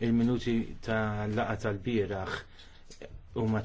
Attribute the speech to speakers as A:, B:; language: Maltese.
A: il-minuti ta' laqa tal-biraħ u